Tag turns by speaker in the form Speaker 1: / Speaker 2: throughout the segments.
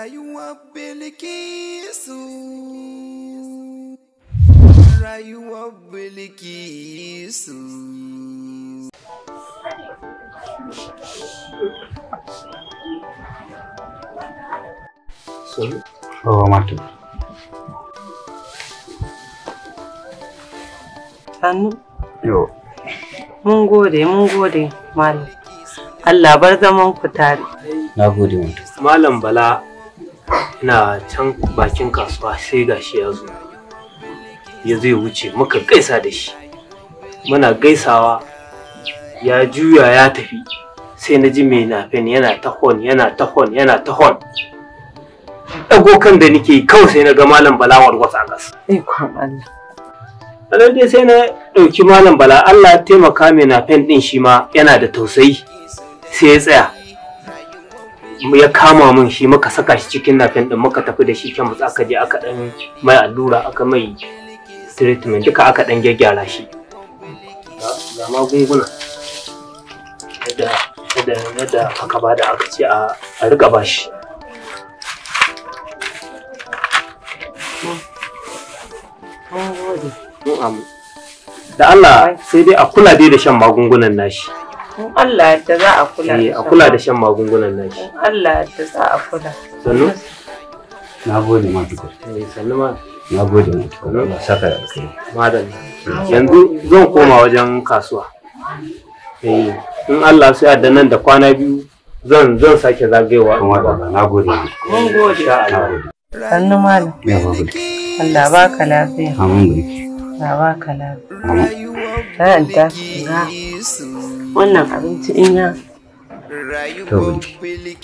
Speaker 1: rayuwa bilkisu rayuwa bilkisu
Speaker 2: Sorry. Sannu? Yo. Mun gode, mun gode, Malam. Allah bar zaman ku tare. Na gode, Malam Bala ina can bakin kasuwa sai gashi ya zo ya zai wuce muka gaisa da shi muna gaisawa ya juya ya tafi sai na ji mai nafin yana hon, yana ta hon, yana ta hon. ɗago kan da nake kawai sai na ga malam bala warwasa a ƙasa. Allah. dai sai na ɗauki malam bala Allah taimaka mai nafin ɗin shi ma yana da tausayi sai ya tsaya. ya kama min shi muka saka shi cikin nafin din muka tafi da shi kyan aka je aka dan mai allura aka mai treatment duka aka dan gyaggyara shi ga magunguna da da da aka bada aka ce a riga bashi da Allah sai dai a kula dai da shan magungunan nashi In Allah yadda za a kula eh, da a kula da shan magungunan nan shi. Allah yadda za a kula. Sannu? Na gode ma duka. Eh, sannu ma. Na gode ma duka. Na saka da kai. Madalla. Yanzu zan koma wajen kasuwa. Eh, in Allah sai da nan da kwana biyu zan zan sake zagayewa. Madalla, na gode. Mun
Speaker 1: gode. Sannu malam. Ya gode. Allah ba ka lafiya. Amin. Allah ba ka lafiya. Amin. Ta'anta. wannan abinci in ya rayuwar mulki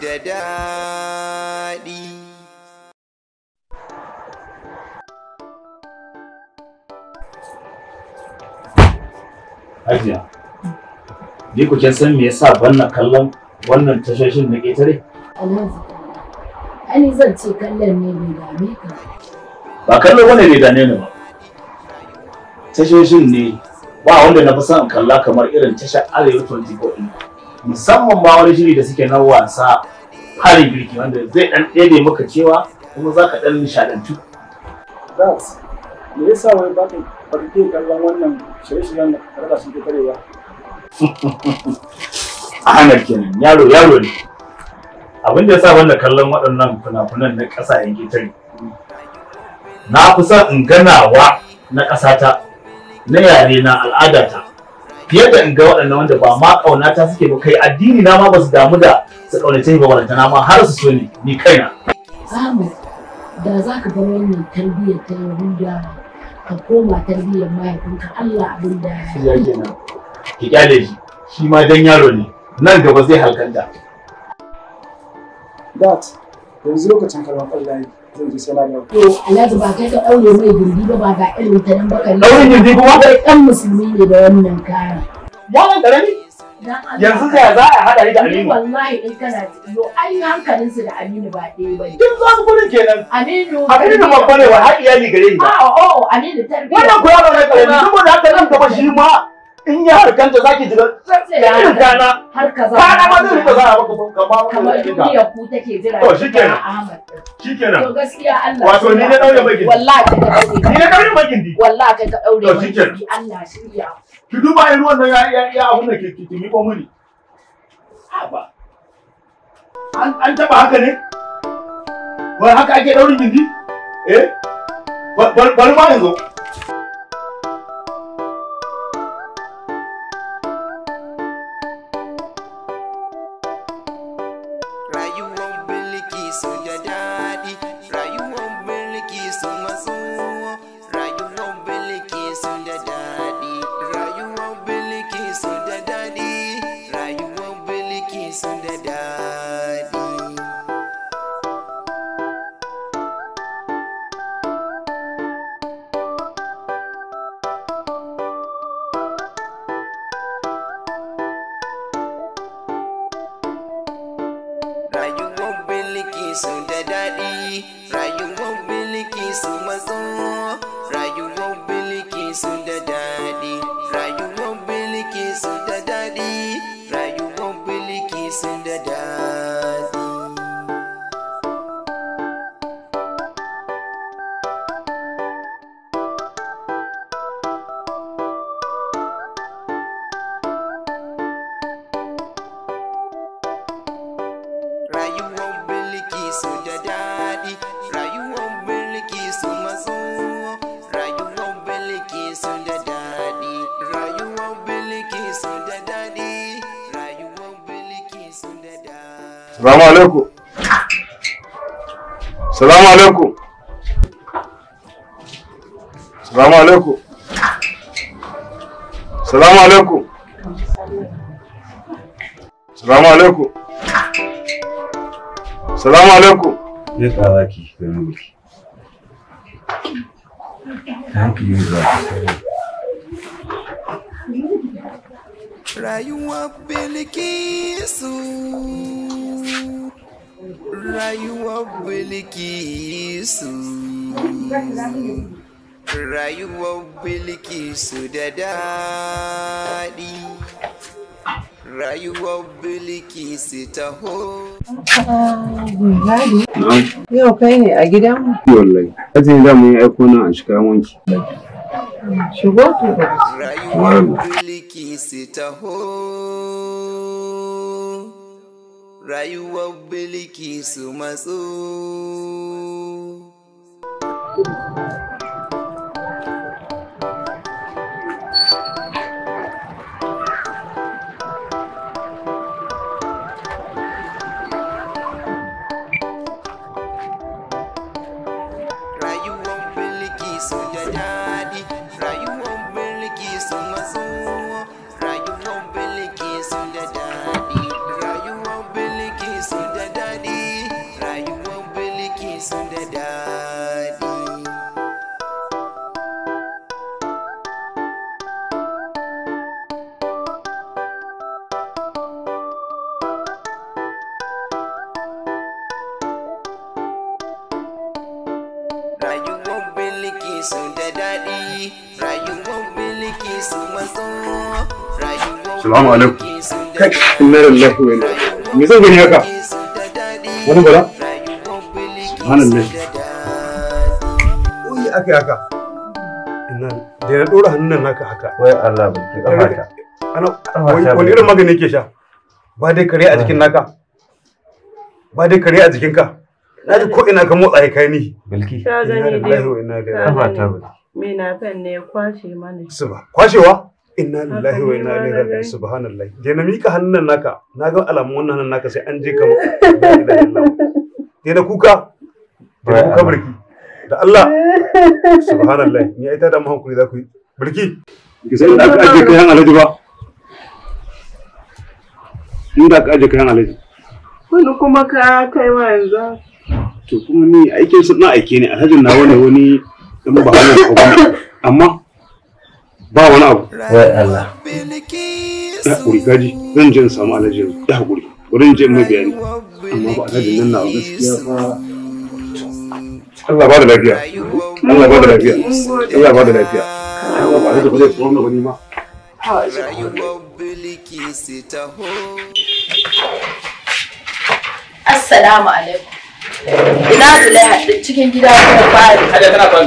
Speaker 1: daɗi
Speaker 2: Hajiya, ni ku can san me yasa wannan kallon wannan tashoshin da ƙetare? Allah Ani zan ce kallon ne bai dame ka. Ba kallon wani bai dame ni ba. Tashoshin ne ba wanda na fi son kalla kamar irin tashar arewa 24 ɗin musamman ma wani shiri da suke na wasa hari birki wanda zai ɗan ɗebe maka cewa kuma za ka ɗan nishaɗantu.
Speaker 3: me yasa wai ba ka farke kallon wannan shirye-shiryen da karɗa sun ke karewa?
Speaker 2: a hanar kenan
Speaker 3: yaro yaro ne abin da yasa wanda
Speaker 2: kallon waɗannan fina-finan na ƙasa yanke tare na fi son in ganawa na ƙasata na yare na al'adata fiye da in ga waɗannan wanda ba ma ƙaunata suke ba kai addini na ma ba su damu da su ƙaunace ba wadanta na ma har su so ni ni kaina.
Speaker 1: Ahmad da za ka bar wannan tarbiyyar ta Yahuda
Speaker 2: ka koma tarbiyyar mahaifinka Allah abin da ya yi. nan, ki kyale shi
Speaker 3: shi ma dan yaro ne nan gaba zai halkanta.
Speaker 2: Dat yanzu lokacin karɓar ƙwallaye. alhaji ba kai ka daure mai gindi ba ba ga irin ta nan baka ne daure gindi kuma kai dan musulmi ne da wannan kaya yaron karami yanzu sai za a hada ni da Aminu wallahi in kana yo ai hankalin su da Aminu ba ɗaya ne kin zo su gurin kenan Aminu Aminu ne wa har iyali gare ni ba a ah, o oh, oh,
Speaker 1: Aminu tarbiya wannan ku
Speaker 2: yaro na karami saboda haka nan gaba shi ma in ya kanta za ki jira
Speaker 1: irin kana kana ma zai rika zara
Speaker 2: maka kamar kamar duniya
Speaker 1: ku take jira to shikenan shikenan to gaskiya Allah wato ni ne daure mai gindi wallahi ka daure ni ne daure
Speaker 2: mai gindi wallahi ka daure to shikenan
Speaker 1: Allah shirya
Speaker 2: ki duba irin wannan ya ya ya abun da ke
Speaker 3: ki miko muni
Speaker 2: haba an an taba haka ne
Speaker 3: wai haka ake daure gindi eh bari ma yanzu Salamu alaikum. Salamu alaikum. Salamu alaikum. Salamu alaikum. Salamu alaikum. Salamu alaikum. Ne tsara ki da mulki.
Speaker 1: Thank you. Rayuwa Bilkisu. rayuwar bilkisu rayuwar bilkisu da daɗi rayuwar bilkisu ta ho yau kai ne a
Speaker 3: wallahi za mu yi aiko a shiga wanki
Speaker 1: shigo to ta ho rayuwar biliki su matsu Salamu alaikum.
Speaker 3: Kai, inna wa inna ilaihi. Me zan gani haka? Wani bala? Subhanallah. Oyi aka haka. Inna da na dora hannun naka haka. Wai Allah ba ki Ana wani irin magani yake sha? Ba dai kare a jikin naka. Ba dai kare a Na ko ina ka Inna wa inna ilaihi.
Speaker 1: Me na kwashe mana. Suba.
Speaker 3: Kwashewa? inna lillahi wa inna ilaihi raji'un subhanallah je na mika hannun naka na ga alamun wannan hannun naka sai an je ka je na kuka je na kuka birki da Allah subhanallah ni ai ta da mu hankuri za ku yi barki
Speaker 1: ki sai da ka je kayan alaji ba
Speaker 3: ni da ka je kayan alaji
Speaker 1: wani kuma ka kai wa yanzu
Speaker 3: to kuma ni aikin sun na aike ne alhajin na wani wani dan ba hannun amma ba wani abu wai Allah ya hakuri gaji zan je samu alhaji yanzu ya hakuri wurin je mai bayani amma ba alhaji nan na gaskiya ba Allah ba da lafiya
Speaker 1: Allah ba da lafiya Allah ba da lafiya
Speaker 3: Allah ba da lafiya ko wannan wani ma
Speaker 1: Assalamu alaikum. Ina Zulaiha cikin gida kuma fara. Kada kana ban.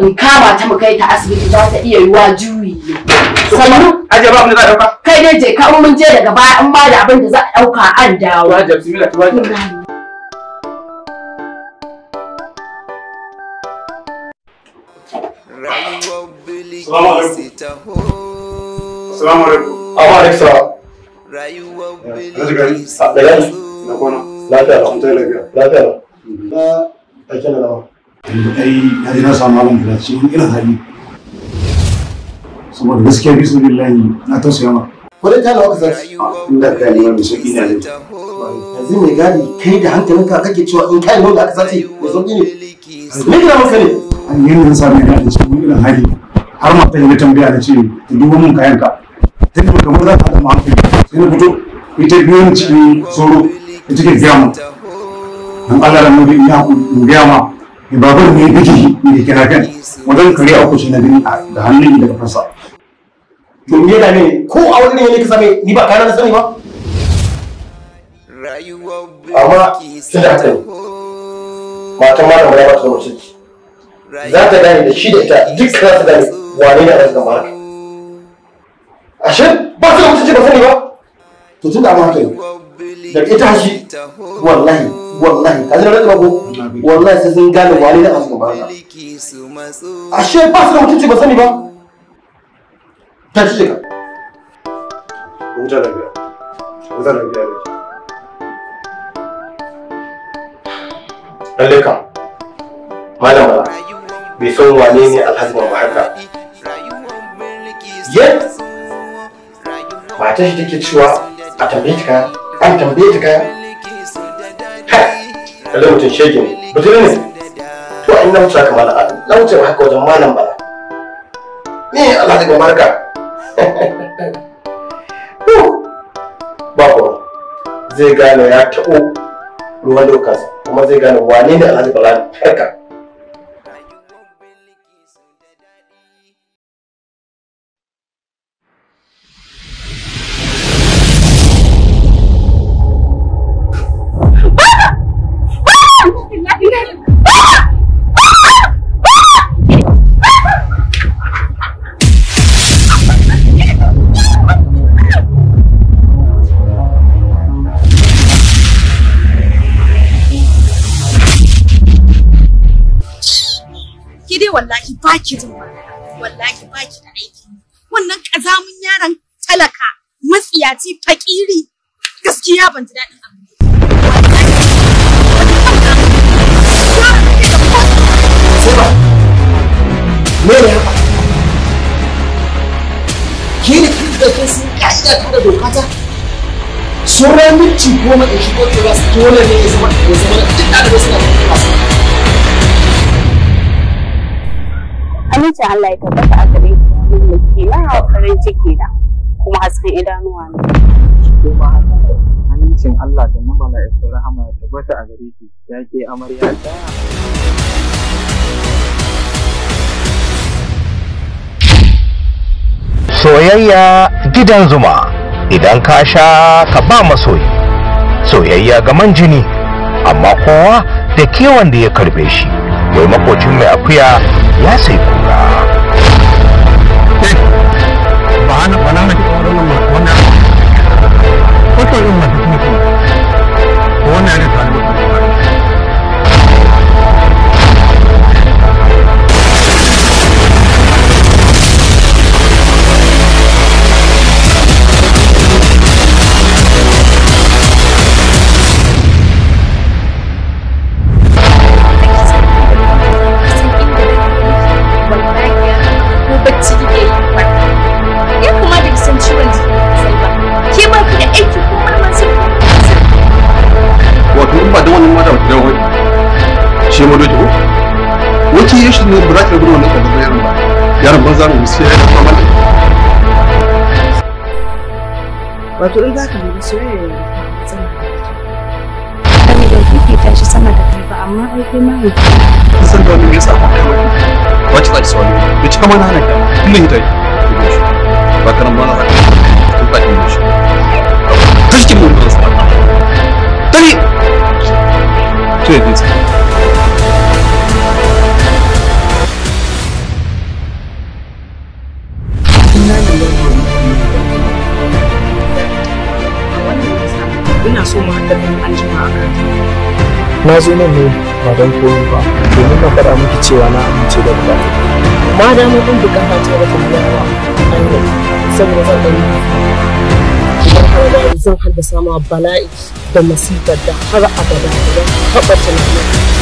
Speaker 2: in kama ta mu kai ta asibiti za ta iya yiwa juyi ne. Sannan aje ba abin da za a Kai dai je ka mun je daga baya an ba da abin da za a ɗauka an dawo. Wajen bismillah ta wajen.
Speaker 1: Salamu alaikum. Awa Alexa.
Speaker 3: Rayuwar Bilisi. Lafiya. Lafiya. Lafiya. Lafiya. Lafiya. Lafiya. Lafiya. Lafiya. Lafiya. Lafiya. Lafiya. Lafiya. Lafiya. Lafiya. yanzu ai na ji na samu abin da ce in irin hali saboda gaskiya bi sun billahi na tausaya ma kwarai ta lawa kasar inda ka ne mai sauki na yanzu yanzu mai gadi kai da ka kake cewa in kai wanda aka sace ko sauki ne me kira maka ne an yi yanzu sa mai gadi cikin irin hali har ma ta yi tambaya da ce ta duba mun kayan ka ta duba kamar za ta haɗa ma hankali sai na fito ita biyun cikin tsoro da take gaya mu dan Allah da mu da ina ku gaya ma babar ne biki ne kina kan wajen kare a kushe na gani da hannun
Speaker 2: daga fasa to me da ne ko a wani ne ka same ni ba kana da sani ba
Speaker 1: amma shi da haka matan ma da ba ta zama ciki za ta gane da shi da ita duk za ta gane wane
Speaker 3: ne a zanga A ashe ba ta zama ciki ba sani ba to tun da
Speaker 2: amma haka da ita shi wallahi wallahi ka zira da ko wallahi sai sun gane wani da asu ba ashe ba su da mutunci ba sani ba
Speaker 3: ta shi ka wuta lafiya wuta lafiya lalle
Speaker 2: malam ba bai san wane ne alhaji ba haka
Speaker 1: yadda ta shi take cewa a tambaye an tambaye ta kaya mutum shege ne ne to na wuce na wuce bala
Speaker 2: ni Allah
Speaker 3: daga zai gane ya taɓo ruwan dokas kuma zai gane wane ne alhaji bala malalaci fakiri
Speaker 2: gaskiya ban ji daɗin abu ne haka? ne goma da shigo da za su dole ne ya zama da zama da duk ɗalibai suna da kasa. Amincin Allah ya tabbata a gare ki, mun da ke na farin ciki na. kuma hasken idanuwa ne kuma amincin Allah da na mala'iku rahama ya tabbata a gare ki ya ke amarya ta
Speaker 3: soyayya gidan zuma idan ka sha ka ba masoyi soyayya ga man jini amma kowa da kewan da ya karbe shi mai makocin mai akuya ya sai kura eh, ba Gracias. ki yi shi ne ba za ki rabu wannan ɗalibai yaron ba yaron banza ne musu ai
Speaker 2: kai ma hukuma san na hana ka kullum ita
Speaker 3: ba karan ba na haka to ba
Speaker 2: ana so mu haɗa kai an jima a na zo nan ne ba don koyon ba domin na faɗa miki cewa na amince da ba ma da mu ɗin bukata ta wata ba an yi saboda zan ɗan idan har da zan haddasa ma bala'i da masifar da har abada da haɓar tunanin